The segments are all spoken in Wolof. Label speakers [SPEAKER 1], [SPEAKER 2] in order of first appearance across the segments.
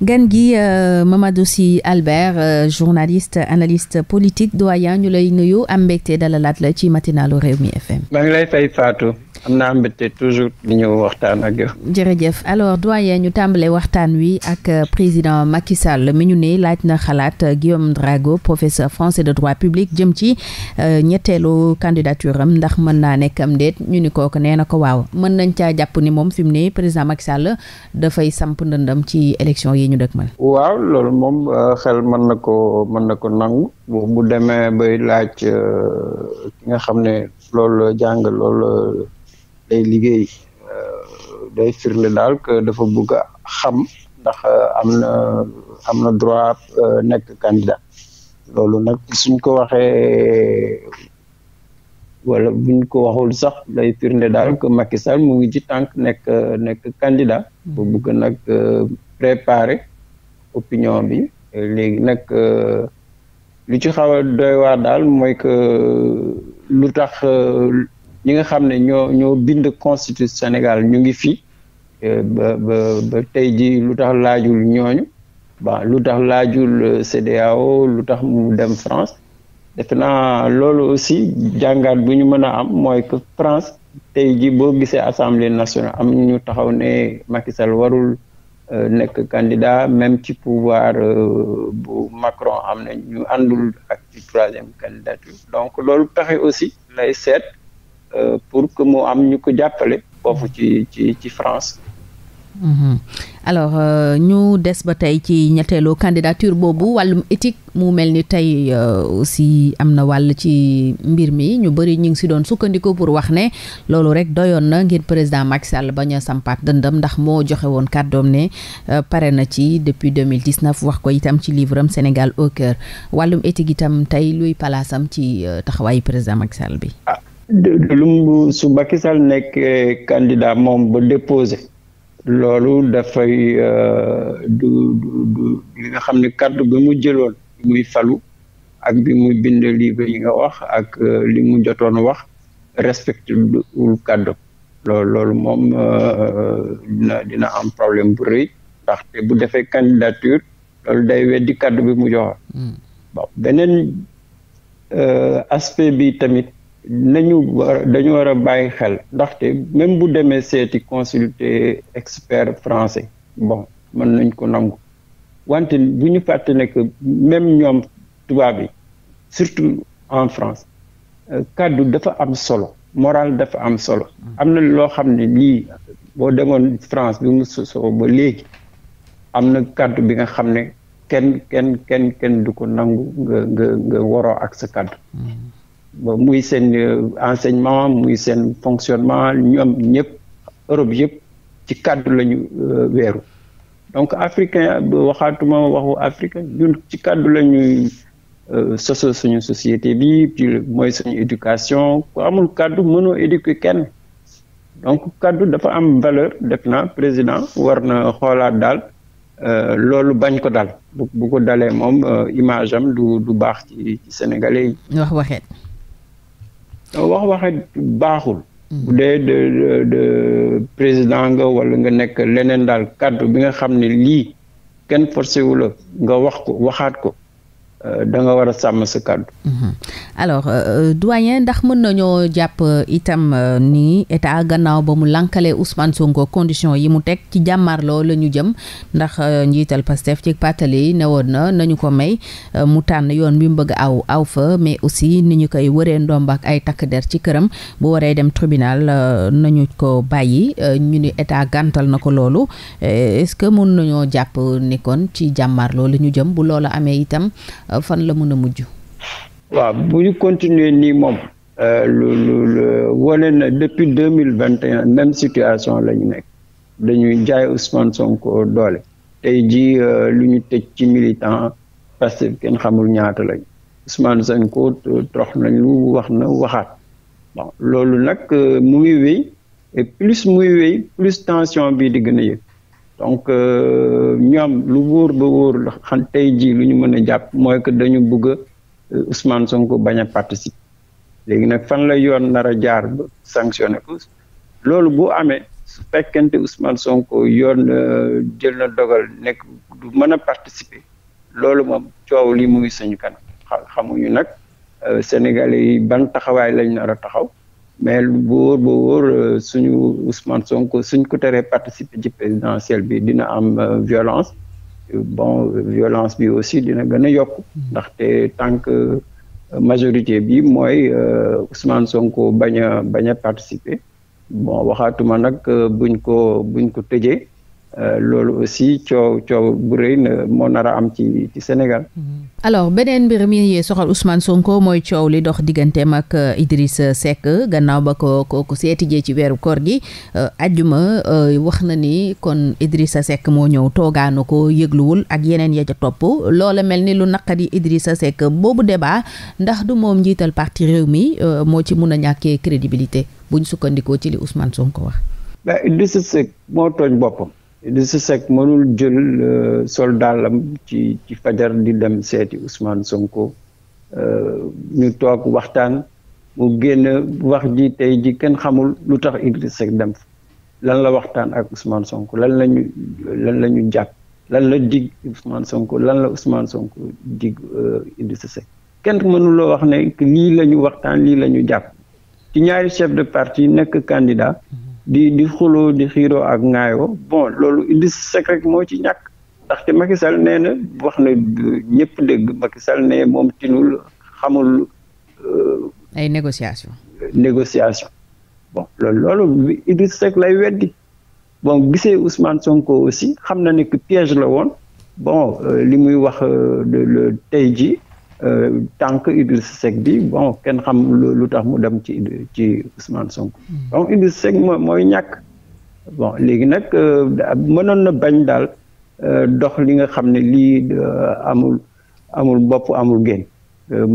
[SPEAKER 1] gan gi euh, Mamadou Sy Albert euh, journaliste analyste politique doyen ñu lay nuyu am mbégte dalalaat la ci matinalu Rewmi FM.
[SPEAKER 2] maa ngi lay am naa mbégte toujours di ñëw waxtaan ak yow.
[SPEAKER 1] jërëjëf alors doyen ñu tàmbalee waxtaan wi ak euh, président Macky Sall mi ñu ne laaj na xalaat euh, Guillaume Drago professeur français de droit public jëm ci euh, ñetteelu candidature am ndax mën naa nekk am déet ñu ni kooku nee na ko waaw mën nañ caa jàpp ni moom fi mu ne président Macky Sall dafay samp ndëndam ci élection yi ñu dëgmal.
[SPEAKER 2] waaw loolu moom xel mën na ko mën na ko nangu bu demee bay laaj ki nga xam ne loolu jàng loolu. day liggéey euh, day firnde daal que dafa bëgg a xam ndax euh, am na am na droit euh, nekk candidat loolu nag suñ ko waxee wala buñ ko waxul sax day firnde daal que Macky Sall mu ngi ci tànk nekk nekk candidat bu bëgg nag préparer opinion bi léegi nag lu ci xaw daal mooy que lu tax ñi nga xam ne ñoo ñoo bind constitution Sénégal ñu ngi fi euh, ba tey ji lu tax laajul ñooñu bon lu tax laajul euh, CEDEAO lu tax mu dem France defe na loolu aussi jàngaat bu ñu mën a am mooy que France tey ji boo gisee assemblée nationale am ñu taxaw ne Macky Sall warul euh, nekk candidat même ci pouvoir bu Macron am na ñu àndul ak ci troisième donc loolu pexe aussi lay seet Euh, pour que mu am ñu ko jàppale foofu ci ci France.
[SPEAKER 1] Mmh. ñu des ba tey ci ñetteelu candidature boobu wàllum éthique mu mel ni tey euh, si am na wàll ci mbir mi ñu bëri ñu ngi si doon sukkandiku pour wax ne loolu rek doyoon na ngir président Macky ba bañ a sampaat dëndam ndax moo joxe woon kàddoom ne pare na ci depuis 2019 wax ko itam ci livre am Sénégal au cœur wàllum éthique itam tey luy palaasam ci taxawaayu président Macky bi. Ah,
[SPEAKER 2] lu su Macky Sall nekkee candidat moom ba déposé loolu dafay euh, du du li nga xam ne kàddu bi mu jëloon muy falu ak bi muy bind livre yi nga wax ak euh, li mu jotoon wax respecté wul kàddu loolu loolu moom euh, dina am problème bu rëy ndaxte bu defee candidature loolu day weddi kàddu bi mu joxoon hmm. bon beneen aspect bi tamit nañu war dañu war a bàyyi xel ndaxte même bu demee seeti consulter expert français bon mën nañ ko nangu wante bu ñu fàtte ne que même ñoom tubaab yi surtout en France euh, kàddu dafa am solo moral dafa am solo mm. am na loo xam ne lii boo demoon France bi mu sosoo ba léegi am na kàddu bi nga xam ne kenn kenn kenn kenn du ko nangu nga nga nga waroo ak sa kàddu mm. muy seen euh, enseignement muy seen fonctionnement ñoom ñëpp Europe yëpp ci cadre la ñu euh, weeru donc africain waxaatuma waxu africain ñun ci cadre la ñuy euh, soso suñu société bi puis mooy suñu éducation ku amul cadre mënoo éduquer kenn donc kaddu dafa am valeur def na président war na xoolaat daal loolu bañ ko dal bu ko dalee moom image am du du baax ci sénégalais yi. wax waxeet wax waxet baaxul. Hmm. bu dee de de président nga wala nga nekk leneen daal kàddu bi nga xam ne lii kenn forcé wu la nga wax ko waxaat ko Euh, da nga war a sàmm sa kàddu.
[SPEAKER 1] Mhm. alors euh, euh, doyen ndax mën nañoo jàpp itam ni état gannaaw ba mu lànkale Ousmane Sonko condition yi mu teg ci jàmmarloo la ñu jëm ndax njiital Pastef ci pàttali ne woon na nañu ko may mu tànn yoon bi mu bëgg aw aw fa mais aussi ni ñu koy wëree ndombaak ay takk der ci këram bu waree dem tribunal nañu ko bàyyi ñu ni état gàntal na ko loolu est-ce que mën nañoo jàpp ni kon ci jàmmarloo la ñu jëm bu loola amee itam. Euh, fan la mën a mujj.
[SPEAKER 2] waaw bu ñu continuer nii moom. Euh, lu lu lu wane na depuis deux mille vingt et même situation la ñu nekk dañuy jaay Ousmane Sonko doole tey jii euh, lu ñu tëj ci militant parce que kenn xamul ñaata lañ Ousmane Sonko trox nañu wax na waxaat loolu nag mu ngi wéy et plus muy wéy plus tension bi di gën a yëg. donc euh, ñam lu wóor ba wóor xam tey jii lu ñu mën a jàpp mooy que dañu bëgg a euh, Ousmane Sonko bañ a participer léegi nag fan la yoon nar a jaar ba sanctionné ko loolu bu amee su fekkente Ousmane Sonko yoon euh, jël na dogal nekk du mën a participer loolu moom coow lii mu ngi suñu kanam xamuñu nag sénégalais yi ban taxawaay lañ nar a taxaw mais lu wóor ba wóor euh, suñu Ousmane Sonko suñ ko teree participer ci présidentielle bi dina am euh, violence bon violence bi aussi dina gën a yokk ndaxte tant que euh, majorité bi mooy Ousmane Sonko bañ a bañ a participer bon waxaatuma nag buñ ko buñ ko tëjee Euh, loolu aussi coow coow bu rëy moo nar am ci ci Sénégal. Mhm.
[SPEAKER 1] alors beneen mbir mi soxal Ousmane Sonko mooy coow li dox digganteem ak euh, Idriss Seck gannaaw ba ko ko seeti jee ci weeru kor gi euh, ajjuma wax na ni kon Idrissa Seck moo ñëw toogaanu ko yëgluwul ak yeneen ya topp loola mel ni lu naqadi Idrissa Seck boobu débat ndax du moom njiital parti réew mi moo ci mun a ñàkkee crédibilité buñ sukkandikoo ci li Ousmane Sonko
[SPEAKER 2] wax. Idrissa Seck tooñ boppam. de sec mënul jël euh, soldalam ci ci fajar di dem seeti Ousmane Sonko euh, ñu toog waxtaan mu génn wax ji tey ji kenn xamul lu tax Idriss Seck dem fa lan la waxtaan ak Ousmane Sonko lan la lan la ñu jàpp lan la dig Ousmane Sonko lan la Ousmane Sonko dig euh, Idriss Seck kenn mënuloo wax ne lii lañu waxtaan lii la ñu jàpp ci ñaari chef de parti nekk candidat di di xuloo di xiiroo ak ŋaayoo bon loolu Idrissa Seck rek moo ci ñàkk ndaxte Macky Sall nee na wax na ñëpp dégg Macky Sall ne moom tinul xamul. Euh,
[SPEAKER 1] ay négociation
[SPEAKER 2] négociation bon loolu loolu Idrissa Seck lay weddi bon gisee Ousmane Sonko aussi xam na ne que piège la woon bon euh, li muy wax euh, le tey jii. Euh, tànk Idrissa Seck bi bon kenn xam lu tax mu dem ci ci Ousmane Sonko. donc hmm. Idrissa Seck mooy mooy ñàkk. bon léegi nag euh, mënoon na bañ daal euh, dox li nga xam ne lii amul amul bopp amul génn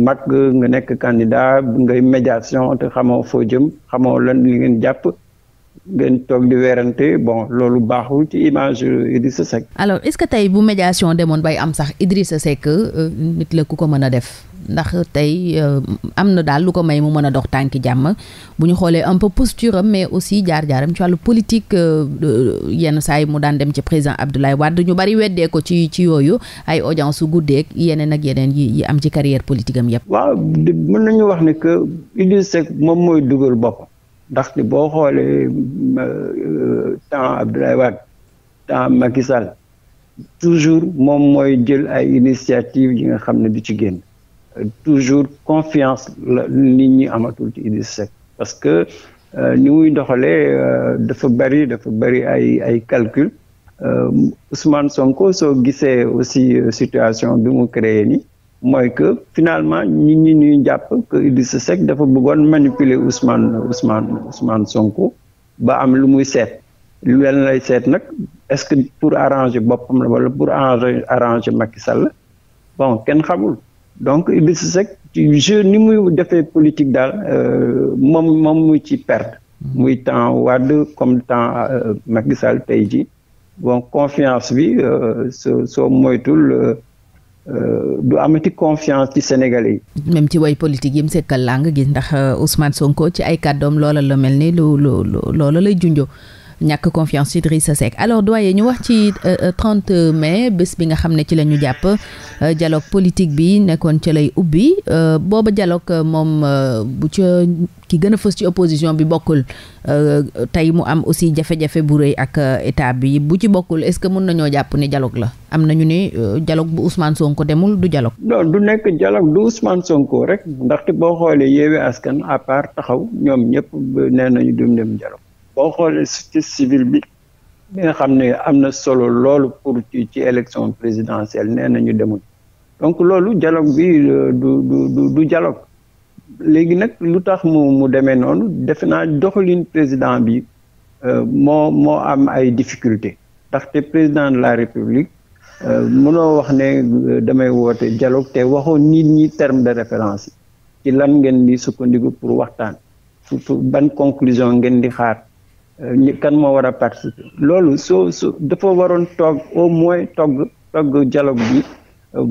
[SPEAKER 2] mag nga nekk candidat ngay médiation te xamoo foo jëm xamoo lan li jàpp. ngeen toog di weerante bon loolu baaxul ci image Idrissa Seck.
[SPEAKER 1] alors est-ce que tey bu médiation demoon bay am sax Idrissa Seck euh, nit la ku ko mën a def ndax tey euh, am na daal lu ko may mu mën a dox tànki jàmm bu ñu xoolee un posture am mais aussi jaar-jaaram ci wàllu politique euh, yenn saa yi mu daan dem ci président Abdoulaye Wade ñu bari weddee ko ci ci yooyu ay audience su guddeeg yeneen ak yeneen yi am ci carrière politique am yëpp.
[SPEAKER 2] waaw mën nañu wax ne que Idrissa Seck moom mooy dugal boppam. ndaxte boo xoolee euh, temps Abdoulaye Wade temps Macky Sall toujours moom mooy jël ay initiative yi nga xam ne du ci génn toujours confiance la nit ñi amatul ci Idrissa Seck parce que euh, ni muy doxalee euh, dafa bari dafa bari ay ay calcul Ousmane Sonko soo gisee aussi situation bi mu créer ni mooy que finalement ñi ñi ñuy jàpp que Idrissa Seck dafa bëggoon manipuler Ousmane Ousmane Ousmane Sonko ba am lu muy seet lu leen lay seet nag est-ce que pour arranger boppam la wala pour arranger arranger Macky Sall bon kenn xamul donc Idrissa Seck ci jeu ni muy defee politique daal euh, moom moom muy ci perte. muy temps Wade comme temps euh, Macky Sall tey jii bon confiance bi euh, soo soo moytul. du amati confiance ci sénégal yi.
[SPEAKER 1] même ci way politique yi mu sekkal làng gi ndax euh, Ousmane Sonko ci ay kàddoom loola la mel nii lu lu loola lay junjoo. ñàkk confiance Idrissa Seck alors doyen ñu wax ci 30 euh, euh, mai bés bi nga xam ne ci la ñu jàpp euh, dialogue politique bi nekkoon ci lay ubbi booba jaloog moom bu ca ki gën a fës ci opposition bi bokkul tey mu am aussi jafe-jafe bu rëy ak état bi bu ci bokkul est-ce que mën nañoo jàpp ni dialogue la am nañu ne dialogue bu usmaan Sonko demul du dialogue.
[SPEAKER 2] non du nekk dialogue du Ousmane Sonko rek ndaxte boo xoolee Yewwi Askan à part taxaw ñoom ñëpp nee nañu du dem boo xoolee société civile bi bi nga xam ne am na solo loolu pour ci ci élection présidentielle nee nañu demul donc loolu dialogue bi euh, du du du du dialogue léegi nag lu tax mu mu demee noonu defe naa doxalin président bi euh, moo moo am ay difficulté ndaxte président de la république euh, mënoo wax ne damay woote jaloog te waxoon nit ñi terme de référence yi ci lan ngeen di sukkandiku pour waxtaan ban conclusion ngeen di xaar ñi kan moo war a participer loolu soo su dafa waroon toog au moins togg togg jaloog bi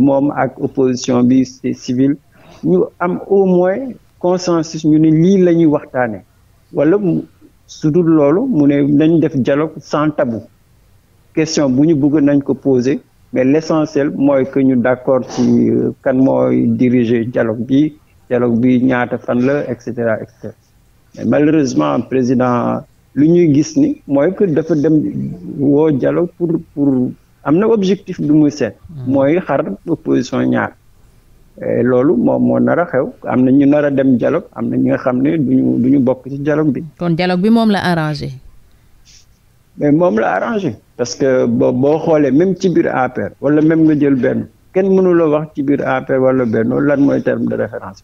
[SPEAKER 2] moom ak opposition bi civile ñu am au moins consensus ñu ne lii la ñuy waxtaane wala su dul loolu mu ne nañ def dialogue sans tabou question bu ñu bëgg nañ ko poser mais l'essentiel mooy que ñu d'accord ci euh, kan mooy diriger dialogue bi dialogue bi ñaata fan la et cetera et malheureusement président lu ñuy gis ni mooy que dafa dem woo dialogue pour pour am na objectif bi muy seet. Hmm. mooy xar opposition ñaar. loolu moom moo nar a xew am na ñu nar a dem dialogue am na ñi nga xam ne du ñu bokk ci dialogue bi.
[SPEAKER 1] kon dialogue bi moom la arrangé.
[SPEAKER 2] mais moom la arrangé parce que boo xoolee même ci biir APR wala même nga jël benn kenn mënula wax ci biir APR wala benn lan mooy terme de référence.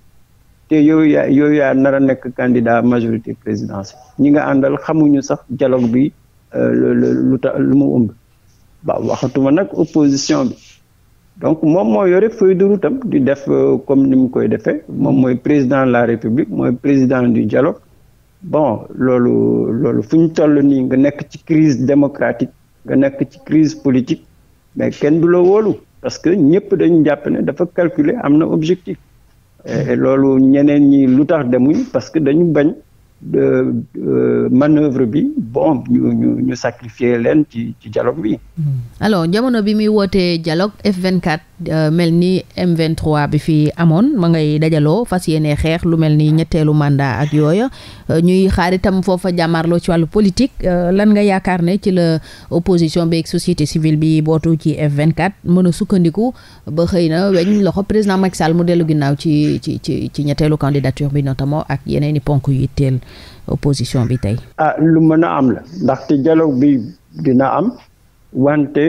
[SPEAKER 2] te yow yaa yow nar a nekk candidat majorité présidence ñi nga àndal xamuñu sax dialogue bi euh, lu tax lu mu ëmb waaw waxatuma nag opposition bi donc moom moo yore feuille de route am di def euh, comme ni mu koy defee moom mooy président de la république mooy président du dialogue bon loolu loolu fu ñu toll nii nga nekk ci crise démocratique nga nekk ci crise politique mais kenn du la wóolu parce que ñëpp dañu jàpp ne dafa calculer am na objectif Eh, eh, loolu ñeneen ñi lu tax demuñ parce que dañu bañ euh, manœuvre bi bon ñu ñu ñu leen ci ci dialogue bi.
[SPEAKER 1] alors jamono bi muy wootee dialogue F24 Euh, mel ni M23 bi fi amoon ma ngay dajaloo fas yéene xeex lu mel ni ñetteelu mandat ak yooya euh, ñuy xaar itam foofa jàmmaarloo ci wàllu politique euh, lan nga yaakaar ne ci la opposition bi ak société civile bi bootu ci F24 mën a sukkandiku ba xëy na weñ loxo président Macky Sall mu dellu ginnaaw ci ci ci ci ñetteelu candidature bi notamment ak yeneen i ponk yu itteel opposition bi tey.
[SPEAKER 2] ah lu mën a am la ndaxte dialogue bi dina am wante.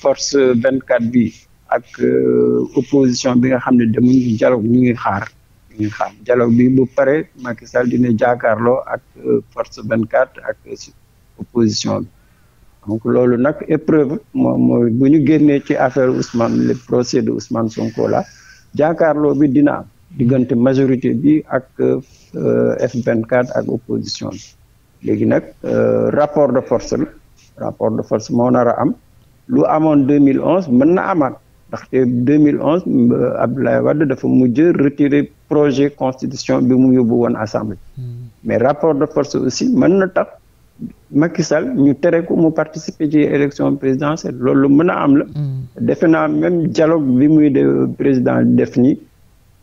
[SPEAKER 2] force vingt quatre bi ak euh, opposition bi nga xam ne demuñu dialogue ñu ngi xaar ñu xaar dialogue bi bu pare Macky Sall dina jaakaarloo ak euh, force vingt quatre ak opposition bi donc loolu nag épreuve moo mooy bu ñu génnee ci affaire Ousmane le procès de Ousmane Sonko la jaakaarloo bi dina am diggante majorité bi ak euh, F24 ak opposition bi léegi nag rapport de force la rapport de force moo nar a am lu amoon 2011 mën na amaat ndaxte deux mille ab euh, Abdoulaye Wade dafa mujj retirer projet constitution bi mu yóbbu woon assemblée. Hmm. mais rapport de force aussi mën na tax Macky Sall ñu tere ko mu participer ci élection présidentielle loolu mën a am la. Hmm. defe naa même dialogue bi muy de président def nii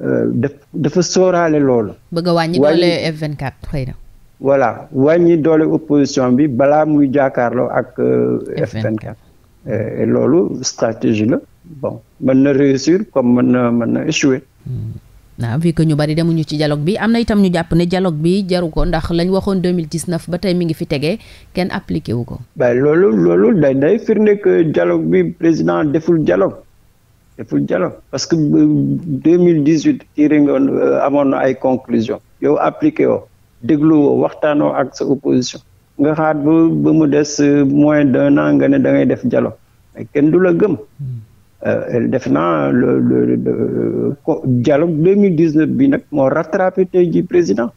[SPEAKER 2] euh, def dafa sóoraale loolu.
[SPEAKER 1] bëgg a wàññi doole F24 xëy na.
[SPEAKER 2] voilà wàññi doole opposition bi balaa muy jàkkaarloo ak. Euh, F24. et loolu stratégie la bon mën na réussir comme mën na mën na échouer. waaw
[SPEAKER 1] hmm. ah, vu que ñu bari demuñu ci dialogue bi am na itam ñu jàpp ne dialogue bi jaru ko ndax lañ waxoon deux 2019 ba tey mi ngi fi tegee kenn appliqué wu ko.
[SPEAKER 2] waaye loolu loolu day day firnde que dialogue bi président deful dialogue deful dialogue parce que mille 2018 tiré nga euh, amoon na ay conclusions yow appliqué woo déglu waxtaanoo ak sa opposition. nga xaat ba ba mu des euh, moins d'un an nga ne da ngay def jalo kenn du la gëm hmm. euh, def naa le le euh, dialogue deux dix neuf bi nag moo rattrapé tey ji président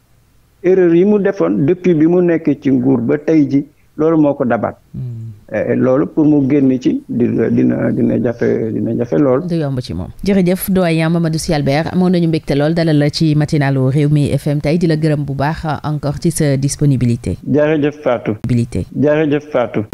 [SPEAKER 2] erreur yi mu defoon depuis bi mu nekk ci nguur ba tey ji loolu moo ko dabaat. Hmm. Eh, eh, loolu pour mu génn ci dina dina dina jafe dina lool. du yomb ci moom
[SPEAKER 1] jërëjëf doyen Mamadou Sy Albert amoon nañu mbégte lool dalal la ci matinalu réew mi FM tey di la gërëm bu baax encore ci sa disponibilité.
[SPEAKER 2] jërëjëf Fatou. jërëjëf Fatou.